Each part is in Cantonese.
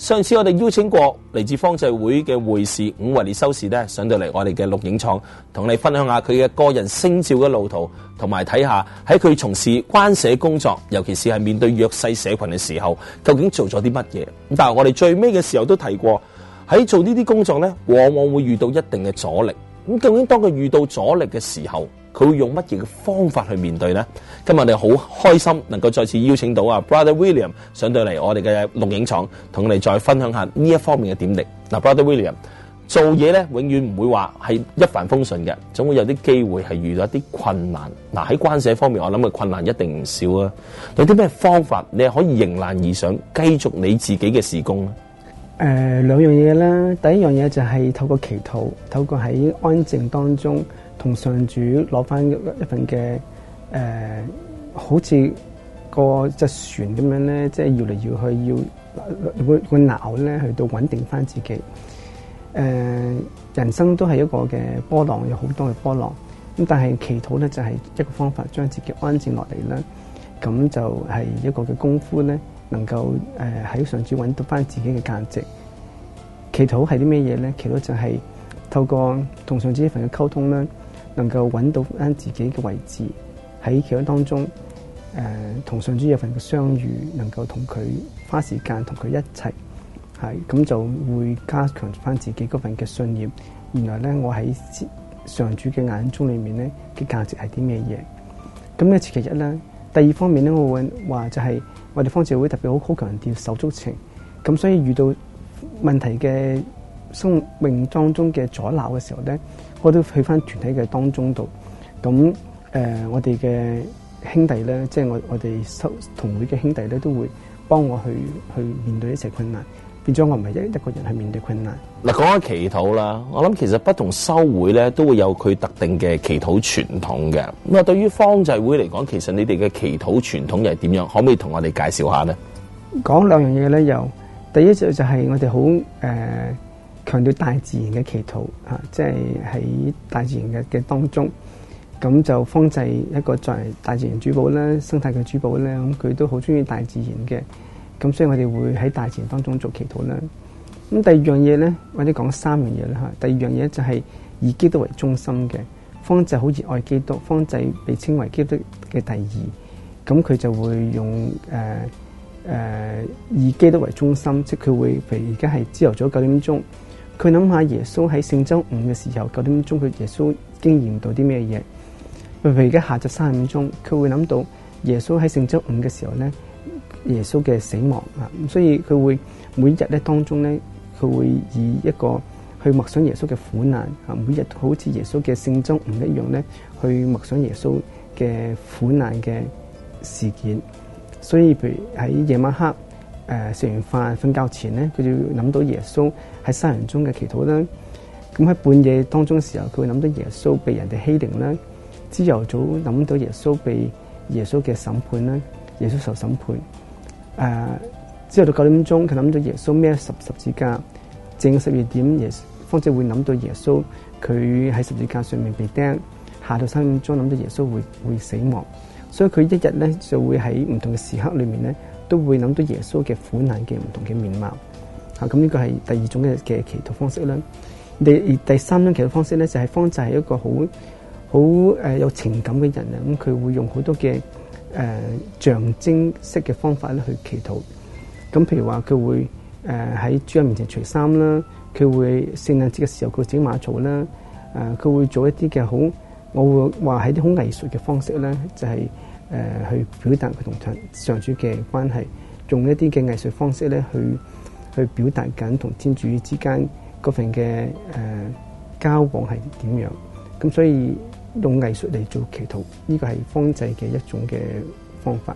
上次我哋邀請過嚟自方濟會嘅會士伍維烈修士咧，上到嚟我哋嘅錄影廠，同你分享一下佢嘅個人聖召嘅路途，同埋睇下喺佢從事關社工作，尤其是係面對弱勢社群嘅時候，究竟做咗啲乜嘢？咁但係我哋最尾嘅時候都提過，喺做呢啲工作呢，往往會遇到一定嘅阻力。咁究竟當佢遇到阻力嘅時候，佢會用乜嘢嘅方法去面對咧？今日我好開心能夠再次邀請到啊，Brother William 上到嚟我哋嘅錄影廠，同你再分享下呢一方面嘅點滴。嗱、啊，Brother William 做嘢咧，永遠唔會話係一帆風順嘅，總會有啲機會係遇到一啲困難。嗱、啊，喺關社方面，我諗嘅困難一定唔少啊。有啲咩方法你係可以迎難而上，繼續你自己嘅事工？誒、呃，兩樣嘢啦。第一樣嘢就係透過祈禱，透過喺安靜當中。同上主攞翻一份嘅，誒、呃，好似個隻船咁樣咧，即係搖嚟搖去，要會會鬧咧，去到穩定翻自己。誒、呃，人生都係一個嘅波浪，有好多嘅波浪。咁但係祈禱咧，就係、是、一個方法，將自己安靜落嚟啦。咁就係一個嘅功夫咧，能夠誒喺上主搵到翻自己嘅價值。祈禱係啲咩嘢咧？祈禱就係透過同上主一份嘅溝通咧。能夠揾到返自己嘅位置喺其中當中，誒、呃、同上主有份嘅相遇，能夠同佢花時間同佢一齊，係咁就會加強翻自己嗰份嘅信念。原來咧，我喺上主嘅眼中裏面咧嘅價值係啲咩嘢？咁呢其一咧，第二方面咧，我會話就係我哋方濟會特別好好強調手足情，咁所以遇到問題嘅。生命當中嘅阻撓嘅時候咧，我都去翻團體嘅當中度。咁誒、呃，我哋嘅兄弟咧，即係我我哋收同會嘅兄弟咧，都會幫我去去面對一切困難。變咗我唔係一一個人去面對困難。嗱，講開祈禱啦，我諗其實不同修會咧都會有佢特定嘅祈禱傳統嘅。咁啊，對於方濟會嚟講，其實你哋嘅祈禱傳統又係點樣，可唔可以同我哋介紹下咧？講兩樣嘢咧，又第一就就係我哋好誒、呃強調大自然嘅祈禱，啊，即係喺大自然嘅嘅當中，咁就方濟一個作為大自然主保啦、生態嘅主保啦，咁佢都好中意大自然嘅，咁所以我哋會喺大自然當中做祈禱啦。咁第二樣嘢咧，或者講三樣嘢啦嚇。第二樣嘢就係以基督為中心嘅方濟，好熱愛基督，方濟被稱為基督嘅第二，咁佢就會用誒誒、呃呃、以基督為中心，即佢會譬如而家係朝頭早九點鐘。佢諗下耶穌喺聖週五嘅時候九點鐘，佢耶穌經驗到啲咩嘢？譬如而家下晝三點鐘，佢會諗到耶穌喺聖週五嘅時候咧，耶穌嘅死亡啊，所以佢會每日咧當中咧，佢會以一個去默想耶穌嘅苦難啊，每日都好似耶穌嘅聖週五一樣咧，去默想耶穌嘅苦難嘅事件。所以在，譬如喺夜晚黑誒食完飯瞓覺前咧，佢就諗到耶穌。喺山人中嘅祈禱啦。咁喺半夜當中嘅時候，佢會諗到耶穌被人哋欺凌啦。朝頭早諗到耶穌被耶穌嘅審判啦。耶穌受審判。誒、呃，之後到九點鐘，佢諗到耶穌孭十十字架，正十二點，耶方正會諗到耶穌佢喺十字架上面被釘。下到三點鐘，諗到耶穌會會死亡。所以佢一日咧就會喺唔同嘅時刻裏面咧，都會諗到耶穌嘅苦難嘅唔同嘅面貌。啊，咁呢個係第二種嘅嘅祈禱方式咧。第第三種祈禱方式咧，就係方濟係一個好好誒有情感嘅人啊。咁佢會用好多嘅誒象徵式嘅方法咧去祈禱。咁譬如話，佢會誒喺主人面前除衫啦，佢會聖誕節嘅時候佢整馬槽啦，誒佢會做一啲嘅好，我會話喺啲好藝術嘅方式咧，就係誒去表達佢同上主嘅關係，用一啲嘅藝術方式咧去。去表達緊同天主之間嗰份嘅誒、呃、交往係點樣？咁所以用藝術嚟做祈禱，呢個係方濟嘅一種嘅方法。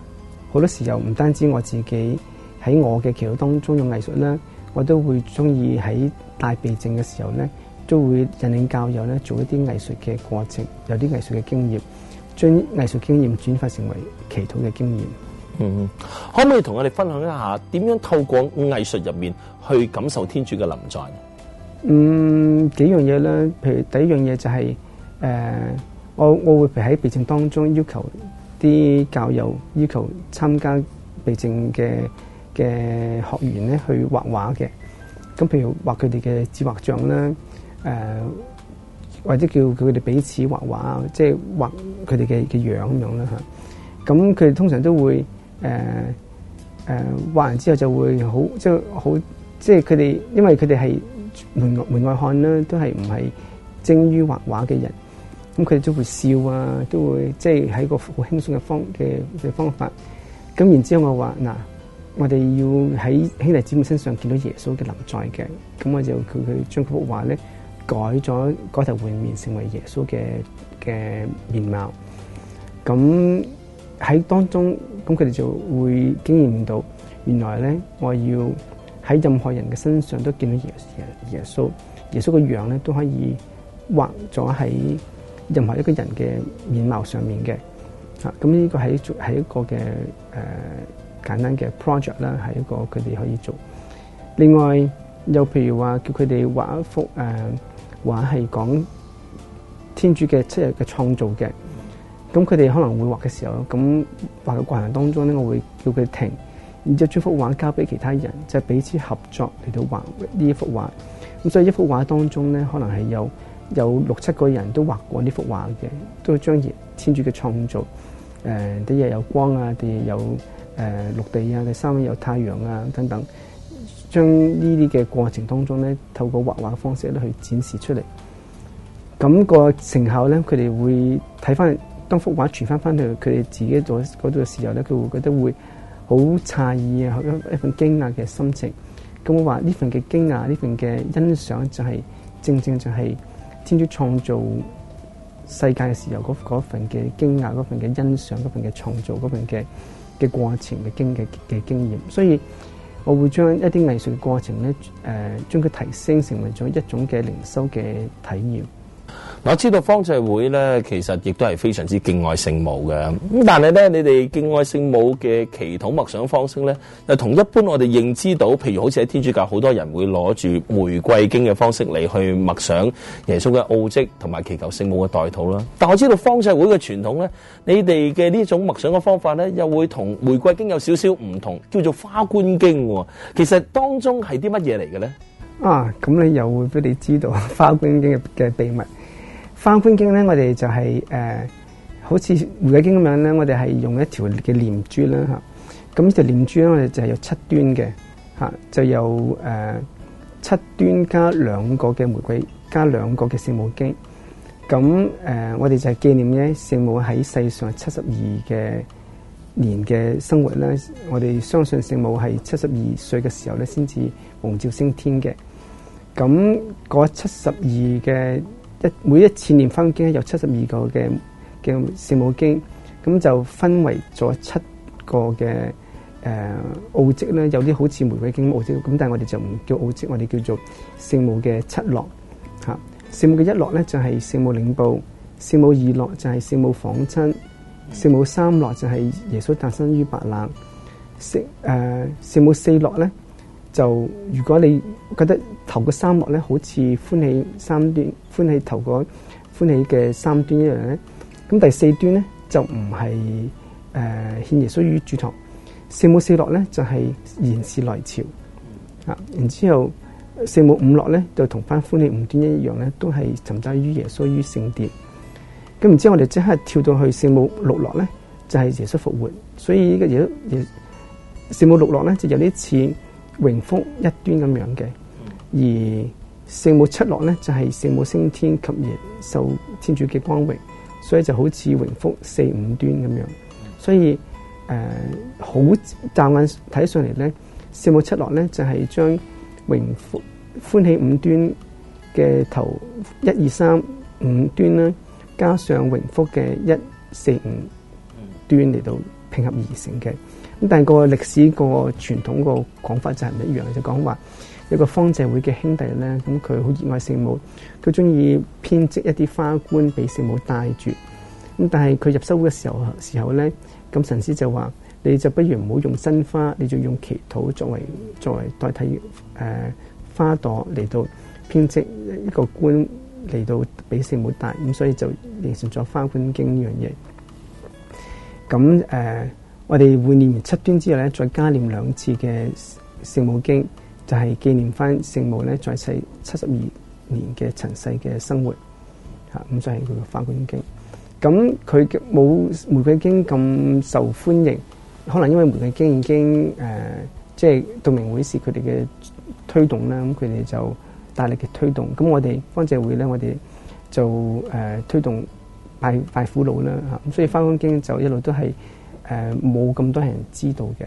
好多時候唔單止我自己喺我嘅祈禱當中用藝術咧，我都會中意喺大避靜嘅時候咧，都會引領教友咧做一啲藝術嘅過程，有啲藝術嘅經驗，將藝術經驗轉化成為祈禱嘅經驗。嗯，可唔可以同我哋分享一下點樣透過藝術入面去感受天主嘅臨在？嗯，幾樣嘢咧，譬如第一樣嘢就係、是、誒、呃，我我會喺避靜當中要求啲教友，要求參加避靜嘅嘅學員咧去畫畫嘅，咁譬如畫佢哋嘅自畫像啦，誒、呃，或者叫佢哋彼此畫畫，即係畫佢哋嘅嘅樣咁樣啦吓，咁佢哋通常都會。誒誒，畫、呃呃、完之後就會好，即係好，即係佢哋，因為佢哋係門外門外漢啦，都係唔係精於畫畫嘅人，咁佢哋都會笑啊，都會即係喺個好輕鬆嘅方嘅嘅方法。咁然之後我話嗱，我哋要喺兄弟姊妹身上見到耶穌嘅臨在嘅，咁我就叫佢將幅畫咧改咗，改，了改頭換面，成為耶穌嘅嘅面貌。咁。喺當中，咁佢哋就會經驗唔到，原來咧，我要喺任何人嘅身上都見到耶穌，耶穌耶穌嘅樣咧都可以畫咗喺任何一個人嘅面貌上面嘅。啊、嗯，咁呢個喺做，係一個嘅誒、呃、簡單嘅 project 啦，係一個佢哋可以做。另外又譬如話叫佢哋畫一幅誒，畫係講天主嘅七日嘅創造嘅。咁佢哋可能會畫嘅時候，咁畫嘅過程當中咧，我會叫佢停，然之後將幅畫交俾其他人，即係彼此合作嚟到畫呢一幅畫。咁所以一幅畫當中咧，可能係有有六七個人都畫過呢幅畫嘅，都會將住天主嘅創造，誒啲嘢有光啊，啲嘢有誒、呃、陸地啊，第三面有太陽啊等等，將呢啲嘅過程當中咧，透過畫畫嘅方式咧去展示出嚟。咁、那個成效咧，佢哋會睇返。當幅畫傳翻翻去佢哋自己度嗰度嘅時候咧，佢會覺得會好詫異啊，一份驚訝嘅心情。咁我話呢份嘅驚訝，呢份嘅欣賞，就係，就係正正就係天主創造世界嘅時候嗰份嘅驚訝，嗰份嘅欣賞，嗰份嘅創造，嗰份嘅嘅過程嘅經嘅嘅經驗。所以，我會將一啲藝術嘅過程咧，誒、呃，將佢提升成為咗一種嘅靈修嘅體驗。我知道方濟會咧，其實亦都係非常之敬愛聖母嘅。咁但係咧，你哋敬愛聖母嘅祈禱默想方式咧，就同一般我哋認知到，譬如，好似喺天主教好多人會攞住玫瑰經嘅方式嚟去默想耶穌嘅奧蹟，同埋祈求聖母嘅代禱啦。但我知道方濟會嘅傳統咧，你哋嘅呢種默想嘅方法咧，又會同玫瑰經有少少唔同，叫做花冠經。其實當中係啲乜嘢嚟嘅咧？啊，咁你又會俾你知道《花冠經》嘅嘅秘密。花就是《花冠經》咧，我哋就係呃、好似《玫瑰經》咁樣咧，我哋係用一條嘅念珠啦吓。咁呢條念珠咧，我哋就係有七端嘅、吓、就有、呃、七端加兩個嘅玫瑰，加兩個嘅聖母經。咁、呃、我哋就係紀念咧聖母喺世上係七十二嘅。年嘅生活咧，我哋相信聖母係七十二歲嘅時候咧，先至皇照升天嘅。咁嗰七十二嘅一每一次念翻經咧，有七十二個嘅嘅聖母經，咁就分為咗七個嘅誒奧跡咧，有啲好似玫瑰經奧跡，咁但係我哋就唔叫奧跡，我哋叫做聖母嘅七樂吓。聖母嘅一樂咧就係、是、聖母領報；聖母二樂就係聖母訪親。四母三落就係耶穌誕生於白冷，四誒、呃、四母四落咧就如果你覺得頭個三落咧好似歡喜三端歡喜頭個歡喜嘅三端一樣咧，咁第四端咧就唔係誒獻耶穌於主堂，四母四落咧就係延時來朝，啊、然之後四母五落咧就同返歡喜五端一樣咧，都係尋找於耶穌於聖殿。咁唔知道我哋即刻跳到去聖母六樂咧，就係耶穌復活，所以呢個聖母六樂咧就有啲似榮福一端咁樣嘅。而聖母七樂咧就係聖母升天及耶受天主嘅光榮，所以就好似榮福四五端咁樣。所以誒，好、呃、乍眼睇上嚟咧，聖母七樂咧就係將榮福歡喜五端嘅頭一二三五端咧。加上榮福嘅一四五端嚟到拼合而成嘅，咁但係個歷史個傳統個講法就係一樣，就講、是、話有個方濟會嘅兄弟咧，咁佢好熱愛聖母，佢鍾意編織一啲花冠俾聖母戴住。咁但係佢入修會嘅時候時候咧，咁神師就話：你就不如唔好用新花，你就用祈禱作為作為代替誒、呃、花朵嚟到編織一個冠。嚟到比聖母大，咁所以就形成咗花冠經呢樣嘢。咁誒，我哋會念完七端之後咧，再加念兩次嘅聖母經，就係紀念翻聖母咧在世七十二年嘅塵世嘅生活。嚇，咁就係佢嘅花冠經。咁佢冇玫瑰經咁受歡迎，可能因為玫瑰經已經誒，即係道明會士佢哋嘅推動啦，咁佢哋就。大力嘅推動，咁我哋方濟會咧，我哋就、呃、推動拜拜苦路啦咁、嗯、所以《翻經》就一路都係冇咁多人知道嘅。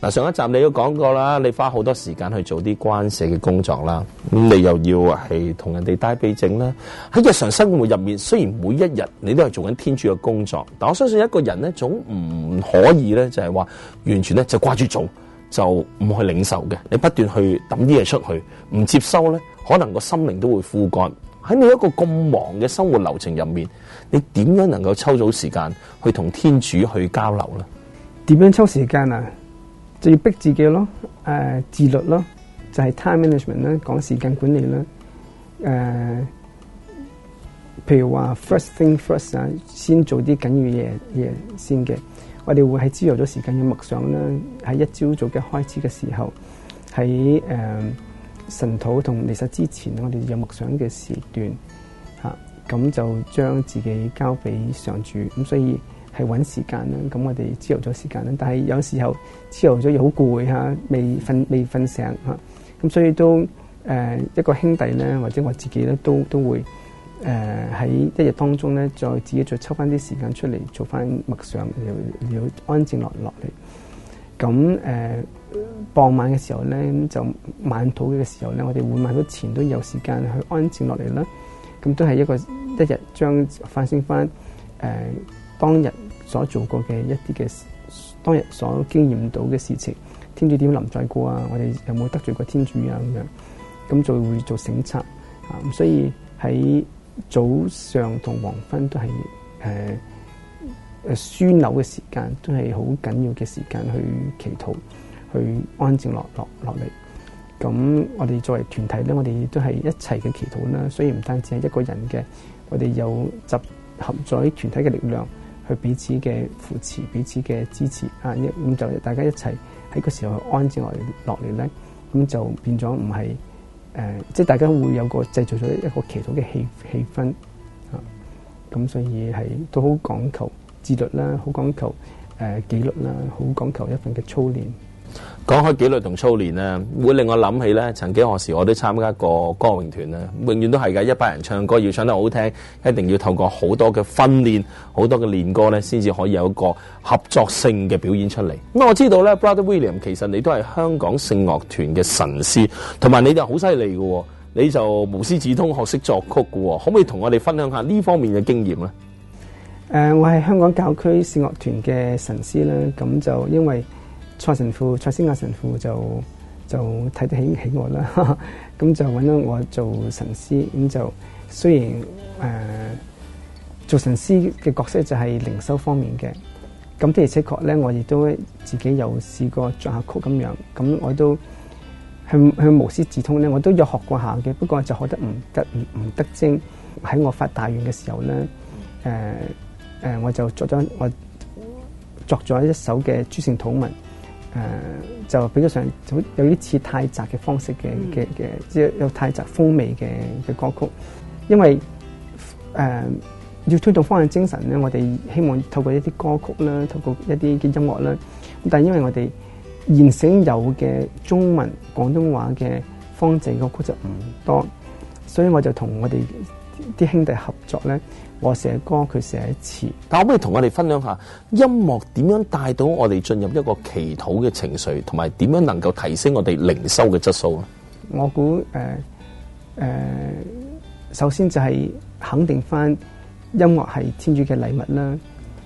嗱，上一集你都講過啦，你花好多時間去做啲關社嘅工作啦，咁你又要係同人哋帶避靜啦。喺日常生活入面，雖然每一日你都係做緊天主嘅工作，但我相信一個人咧，總唔可以咧就係話完全咧就掛住做。就唔去領受嘅，你不斷去抌啲嘢出去，唔接收咧，可能個心靈都會枯乾。喺你一個咁忙嘅生活流程入面，你點樣能夠抽到時間去同天主去交流咧？點樣抽時間啊？就要逼自己咯，誒、呃，自律咯，就係、是、time management 啦，講時間管理啦。誒、呃，譬如話 first thing first 啊，先做啲緊要嘢嘢先嘅。我哋會喺朝頭早時間，有默想啦。喺一朝早嘅開始嘅時候，喺晨禱同離曬之前，我哋有默想嘅時段，咁就將自己交俾上主，咁所以係搵時間啦。咁我哋朝頭早時間，但係有時候朝頭早又好攰，未瞓未瞓醒，咁所以都誒一個兄弟咧，或者我自己咧，都都會。誒喺、呃、一日當中咧，再自己再抽翻啲時間出嚟做翻默想，要要安靜落落嚟。咁誒、呃、傍晚嘅時候咧，就晚唞嘅時候咧，我哋會晚唞前都有時間去安靜落嚟啦。咁都係一個一日將反省翻誒、呃、當日所做過嘅一啲嘅當日所經驗到嘅事情。天主點臨在過啊？我哋有冇得罪過天主啊？咁樣咁就會做省察啊、嗯。所以喺早上同黃昏都係誒誒樞紐嘅時間，都係好緊要嘅時間去祈禱，去安靜落落落嚟。咁我哋作為團體咧，我哋都係一齊嘅祈禱啦。所以唔單止係一個人嘅，我哋有集合咗團體嘅力量去彼此嘅扶持、彼此嘅支持啊。咁就大家一齊喺個時候去安靜落落嚟咧，咁就變咗唔係。誒、呃，即係大家會有個製造咗一個祈禱嘅氣氣氛嚇，咁、啊、所以係都好講求自律啦，好講求誒、呃、紀律啦，好講求一份嘅操練。講開紀律同操練咧，會令我諗起咧。曾幾何時我都參加過歌詠團，永遠都係嘅。一百人唱歌要唱得好聽，一定要透過好多嘅訓練，好多嘅練歌咧，先至可以有一個合作性嘅表演出嚟。咁我知道咧，Brother William，其實你都係香港聖樂團嘅神師，同埋你就好犀利嘅，你就無師自通學識作曲嘅。可唔可以同我哋分享下呢方面嘅經驗咧？誒、呃，我係香港教區聖樂團嘅神師啦，咁就因為。蔡神父、蔡星亞神父就就睇得起起我啦，咁 就揾咗我做神師。咁就雖然誒、呃、做神師嘅角色就係靈修方面嘅。咁的確咧，我亦都自己有試過作下曲咁樣。咁我都向係無師自通咧，我都有學過下嘅。不過就學得唔得唔唔得精。喺我發大願嘅時候咧，誒、呃、誒、呃，我就作咗我作咗一首嘅《諸城土文》。誒、呃、就比較上有有啲似泰籍嘅方式嘅嘅嘅，即係、嗯、有泰籍風味嘅嘅歌曲，因為誒、呃、要推動方向精神咧，我哋希望透過一啲歌曲啦，透過一啲嘅音樂咧，但係因為我哋現成有嘅中文廣東話嘅方正歌曲就唔多，嗯、所以我就同我哋啲兄弟合作咧。我寫歌，佢寫一次。但可唔可以同我哋分享下音樂點樣帶到我哋進入一個祈禱嘅情緒，同埋點樣能夠提升我哋靈修嘅質素啊？我估誒誒，首先就係肯定翻音樂係天主嘅禮物啦，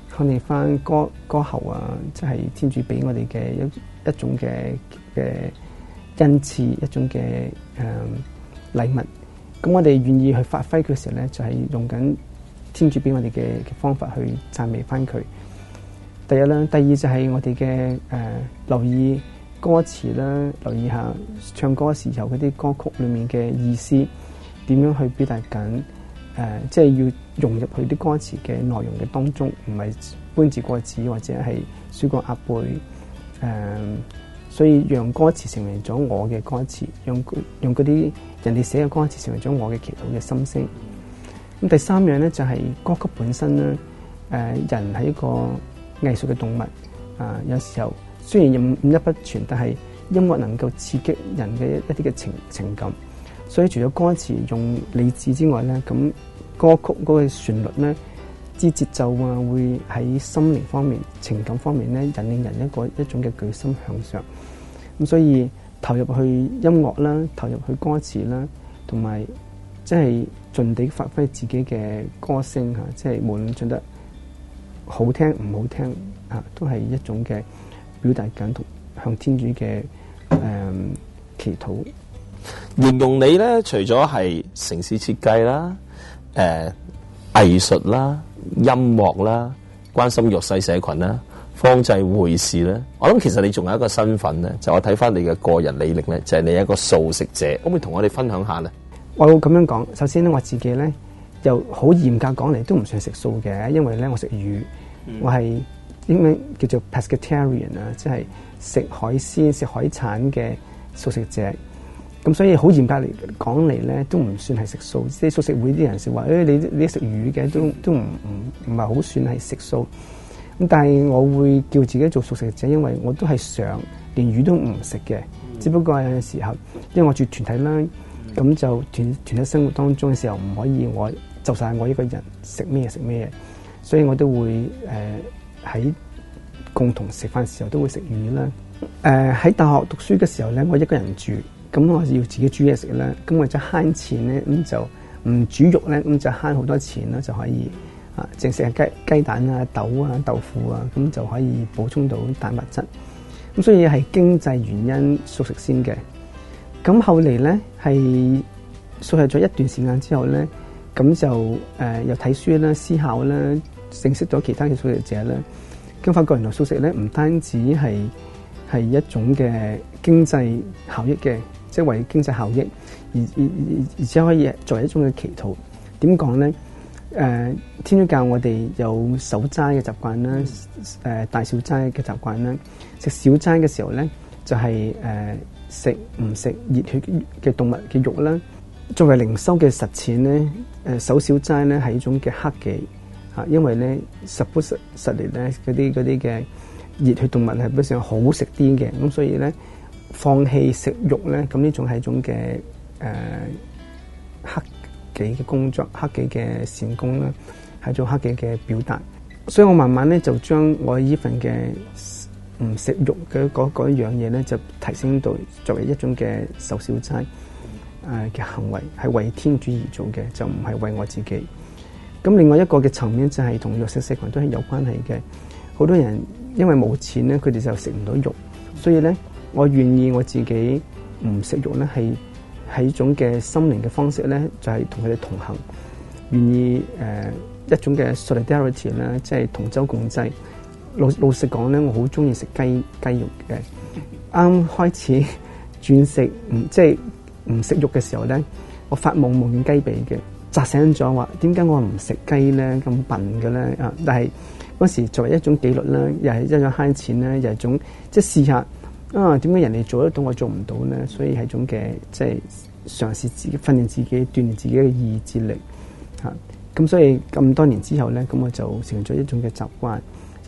肯定翻歌歌喉啊，即係天主俾我哋嘅一一種嘅嘅恩賜，一種嘅誒，嗯，禮物。咁我哋願意去發揮嘅時候咧，就係用緊。先住俾我哋嘅方法去讚美翻佢。第一啦，第二就係我哋嘅誒留意歌詞啦，留意下唱歌嘅時候嗰啲歌曲裡面嘅意思點樣去表達緊。誒、呃，即係要融入去啲歌詞嘅內容嘅當中，唔係搬字過紙或者係水過鴨背。誒、呃，所以讓歌詞成為咗我嘅歌詞，用用嗰啲人哋寫嘅歌詞成為咗我嘅祈禱嘅心聲。咁第三樣咧就係、是、歌曲本身咧、呃，人係一個藝術嘅動物，啊、呃、有時候雖然五音不全，但係音樂能夠刺激人嘅一啲嘅情情感，所以除咗歌詞用理智之外咧，咁歌曲嗰個旋律咧之節奏啊，會喺心靈方面、情感方面咧，引領人一個一種嘅舉心向上。咁所以投入去音樂啦，投入去歌詞啦，同埋即係。就是盡地發揮自己嘅歌聲嚇，即係無論唱得好聽唔好聽嚇，都係一種嘅表達感同向天主嘅誒、嗯、祈禱。形容你咧，除咗係城市設計啦、誒、呃、藝術啦、音樂啦，關心弱勢社群啦、方濟會士咧，我諗其實你仲有一個身份咧，就是、我睇翻你嘅個人履歷咧，就係、是、你一個素食者，可唔可以同我哋分享一下咧？我會咁樣講，首先咧我自己咧又好嚴格講嚟都唔算食素嘅，因為咧我食魚，嗯、我係英文叫做 pescatarian 啊，即係食海鮮、食海產嘅素食者。咁所以好嚴格嚟講嚟咧，都唔算係食素。即係素食會啲人士話，誒、欸、你你食魚嘅都都唔唔唔係好算係食素。咁但係我會叫自己做素食者，因為我都係想連魚都唔食嘅，只不過有陣時候因為我住團體啦。咁就團團喺生活當中嘅時候，唔可以我就晒我一個人食咩食咩，所以我都會誒喺、呃、共同食飯時候都會食魚啦。喺、呃、大學讀書嘅時候咧，我一個人住，咁我要自己煮嘢食啦。咁為咗慳錢咧，咁就唔煮肉咧，咁就慳好多錢啦，就可以啊，淨食下雞雞蛋啊、豆啊、豆腐啊，咁就可以補充到蛋白質。咁所以係經濟原因素食先嘅。咁後嚟咧，係素食咗一段時間之後咧，咁就誒、呃、又睇書啦、思考啦、認識咗其他嘅素食者咧。咁發覺原來素食咧，唔單止係係一種嘅經濟效益嘅，即、就、係、是、為經濟效益，而而而且可以作為一種嘅祈禱。點講咧？誒、呃，天主教我哋有守齋嘅習慣啦，誒、呃、大小齋嘅習慣啦。食小齋嘅時候咧，就係、是、誒。呃食唔食熱血嘅動物嘅肉啦？作為靈修嘅實踐咧，誒守小齋咧係一種嘅克己啊，因為咧實不實，實力咧嗰啲嗰啲嘅熱血動物係比較上好食啲嘅，咁所以咧放棄食肉咧，咁呢種係一種嘅誒克己嘅工作，克己嘅善功啦，係一種克己嘅表達。所以我慢慢咧就將我依份嘅。唔食肉嘅嗰嗰一樣嘢咧，就提升到作為一種嘅守小齋誒嘅行為，係為天主而做嘅，就唔係為我自己。咁另外一個嘅層面就係同肉食社群都係有關係嘅。好多人因為冇錢咧，佢哋就食唔到肉，所以咧我願意我自己唔食肉咧，係係一種嘅心靈嘅方式咧，就係同佢哋同行，願意誒一種嘅 solidarity 咧，即係同舟共濟。老老實講咧，我好中意食雞雞肉嘅。啱開始轉食唔即係唔食肉嘅時候咧，我發夢夢見雞髀嘅，扎醒咗話點解我唔食雞咧，咁笨嘅咧啊！但係嗰時作為一種紀律咧，又係一種慳錢咧，又係種即係試下啊，點解人哋做得到我做唔到咧？所以係一種嘅即係嘗試自己訓練自己、鍛鍊自己嘅意志力嚇。咁所以咁多年之後咧，咁我就成咗一種嘅習慣。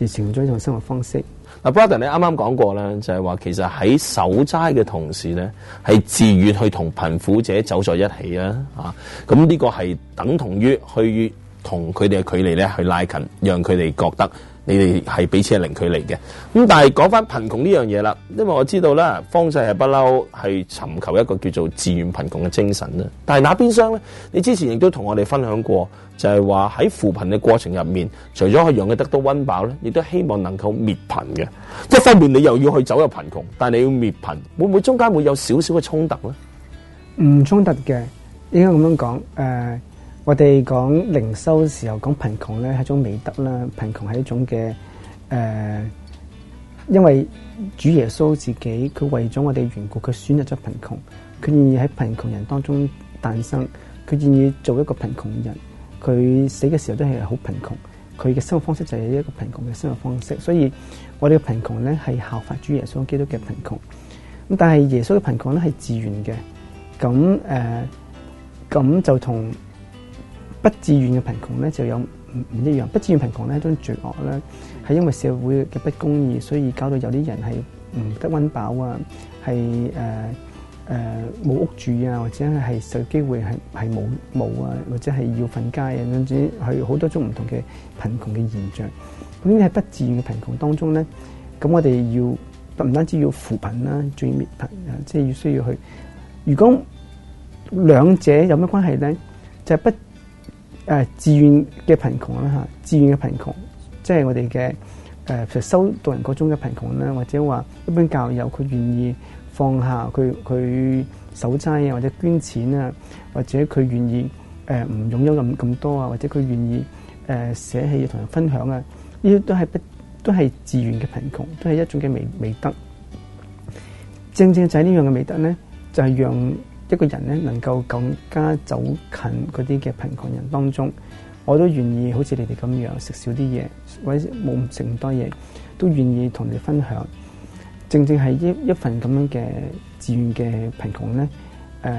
形成咗一種生活方式。嗱，h e r 你啱啱講過咧，就係、是、話其實喺守齋嘅同時咧，係自願去同貧苦者走在一起啦，啊，咁呢個係等同於去同佢哋嘅距離咧去拉近，讓佢哋覺得。你哋係彼此係零距離嘅，咁但係講翻貧窮呢樣嘢啦，因為我知道啦，方世係不嬲係尋求一個叫做自願貧窮嘅精神啦。但係那邊廂咧，你之前亦都同我哋分享過，就係話喺扶貧嘅過程入面，除咗去養佢得到溫飽咧，亦都希望能夠滅貧嘅。一方面你又要去走入貧窮，但係你要滅貧，會唔會中間會有少少嘅衝突咧？唔衝突嘅，應該咁樣講，誒、呃。我哋講靈修嘅時候，講貧窮咧係一種美德啦。貧窮係一種嘅誒、呃，因為主耶穌自己，佢為咗我哋緣故，佢選擇咗貧窮，佢願意喺貧窮人當中誕生，佢願意做一個貧窮人。佢死嘅時候都係好貧窮，佢嘅生活方式就係一個貧窮嘅生活方式。所以我哋嘅貧窮咧，係效法主耶穌基督嘅貧窮。咁但係耶穌嘅貧窮咧，係自願嘅，咁誒咁就同不自願嘅貧窮咧，就有唔唔一樣。不自願貧窮咧，一種罪惡咧，係因為社會嘅不公義，所以搞到有啲人係唔得溫飽啊，係呃呃、冇屋住啊，或者係受有機會係冇冇啊，或者係要瞓街啊，總之係好多種唔同嘅貧窮嘅現象。咁呢啲係不自願嘅貧窮當中咧，咁我哋要唔單止要扶貧啦，仲要滅貧啊，即係要需要去。如果兩者有咩關係咧，就係、是、不。誒、呃，自願嘅貧窮啦嚇、啊，自願嘅貧窮，即係我哋嘅誒，其實修道人嗰種嘅貧窮啦，或者話一般教友佢願意放下佢佢守齋啊，或者捐錢啊，或者佢願意誒唔、呃、擁有咁咁多啊，或者佢願意誒捨棄要同人分享啊，呢啲都係不都係自願嘅貧窮，都係一種嘅美美德。正正就係呢樣嘅美德咧，就係、是、讓。一個人咧能夠更加走近嗰啲嘅貧窮人當中，我都願意好似你哋咁樣食少啲嘢，或者冇唔食唔多嘢，都願意同你分享。正正係一一份咁樣嘅自願嘅貧窮咧，誒，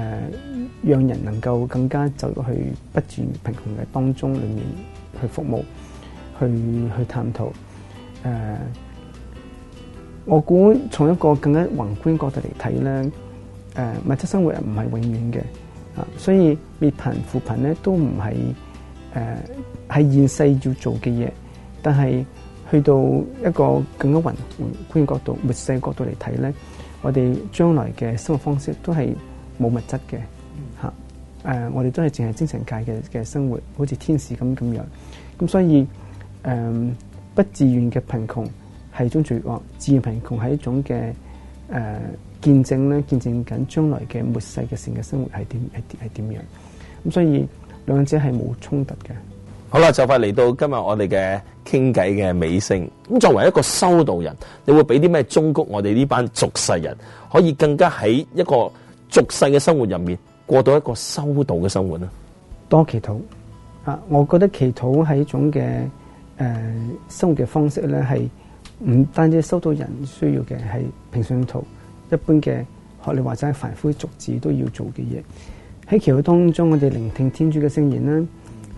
讓人能夠更加走入去不至於貧窮嘅當中裡面去服務，去去探討。誒，我估從一個更加宏觀角度嚟睇咧。誒，物質生活唔係永遠嘅，啊，所以滅貧扶貧咧都唔係誒係現世要做嘅嘢，但係去到一個更加宏觀角度、末世角度嚟睇咧，我哋將來嘅生活方式都係冇物質嘅嚇，誒、呃、我哋都係淨係精神界嘅嘅生活，好似天使咁咁樣，樣，咁所以誒、呃、不自願嘅貧窮係一種罪惡，自然貧窮係一種嘅。誒，見證咧，見證緊將來嘅末世嘅性嘅生活係點係點係點樣？咁所以兩者係冇衝突嘅。好啦，就快嚟到今日我哋嘅傾偈嘅尾聲。咁作為一個修道人，你會俾啲咩忠告我哋呢班俗世人，可以更加喺一個俗世嘅生活入面，過到一個修道嘅生活呢？多祈禱啊！我覺得祈禱係一種嘅誒，呃、生活嘅方式咧係。唔單止收到人需要嘅係平信徒一般嘅學你話齋凡夫俗子都要做嘅嘢，喺祈禱當中我哋聆聽天主嘅聲言啦，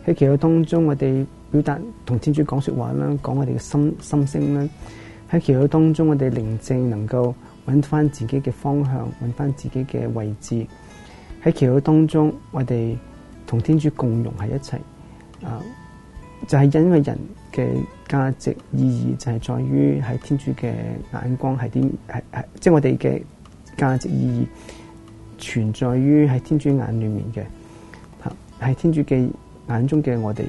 喺祈禱當中我哋表達同天主講說話啦，講我哋嘅心心聲啦，喺祈禱當中我哋寧靜能夠揾返自己嘅方向，揾返自己嘅位置，喺祈禱當中我哋同天主共融喺一齊啊！就係因為人嘅價值意義就在在，就係在於喺天主嘅眼光係啲係係，即係我哋嘅價值意義存在於喺天主眼裏面嘅，喺天主嘅眼中嘅我哋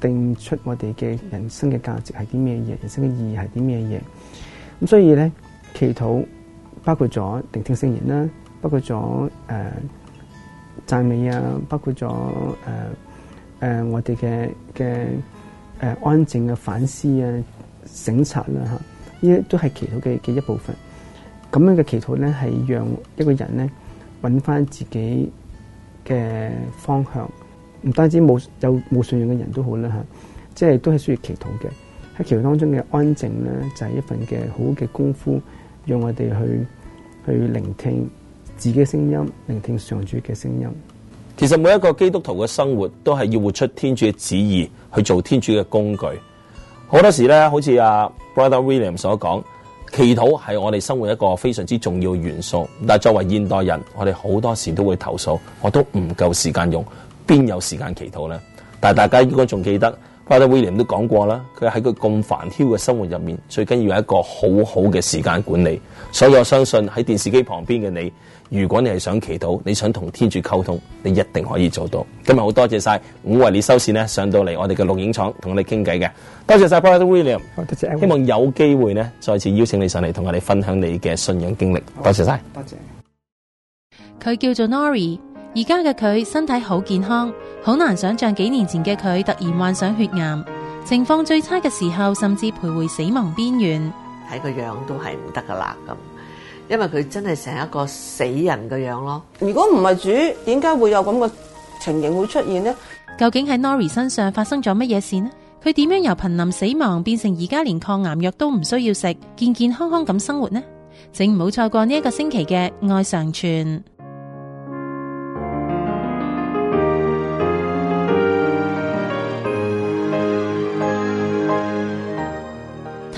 定出我哋嘅人生嘅價值係啲咩嘢，人生嘅意義係啲咩嘢。咁所以咧，祈禱包括咗聆聽聖言啦，包括咗誒讚美啊，包括咗誒。誒、呃，我哋嘅嘅誒安靜嘅反思啊、省察啦吓，呢、啊、啲都係祈禱嘅嘅一部分。咁樣嘅祈禱咧，係讓一個人咧揾翻自己嘅方向。唔單止冇有冇信仰嘅人都好啦吓、啊啊，即係都係需要祈禱嘅。喺祈禱當中嘅安靜咧，就係、是、一份嘅好嘅功夫，讓我哋去去聆聽自己嘅聲音，聆聽上主嘅聲音。其實每一個基督徒嘅生活都係要活出天主嘅旨意，去做天主嘅工具。好多時咧，好似啊 Brother William 所講，祈禱係我哋生活一個非常之重要嘅元素。但係作為現代人，我哋好多時都會投訴，我都唔夠時間用，邊有時間祈禱咧？但係大家如果仲記得。布拉德威廉都講過啦，佢喺佢咁煩囂嘅生活入面，最緊要係一個好好嘅時間管理。所以我相信喺電視機旁邊嘅你，如果你係想祈禱，你想同天主溝通，你一定可以做到。今日好多謝晒，我為你收線呢，上到嚟我哋嘅錄影廠同我哋傾偈嘅。多謝晒，布拉德威廉。多謝，希望有機會呢，再次邀請你上嚟同我哋分享你嘅信仰經歷。Oh, 多謝晒，thank you. 多謝。佢叫做 Nori，而家嘅佢身體好健康。好難想象幾年前嘅佢突然患上血癌，情況最差嘅時候甚至徘徊死亡邊緣。睇個樣都係唔得噶啦咁，因為佢真係成一個死人嘅樣咯。如果唔係主，點解會有咁嘅情形會出現呢？究竟喺 Nori 身上發生咗乜嘢事呢？佢點樣由瀕臨死亡變成而家連抗癌藥都唔需要食，健健康康咁生活呢？請唔好錯過呢一個星期嘅愛常傳。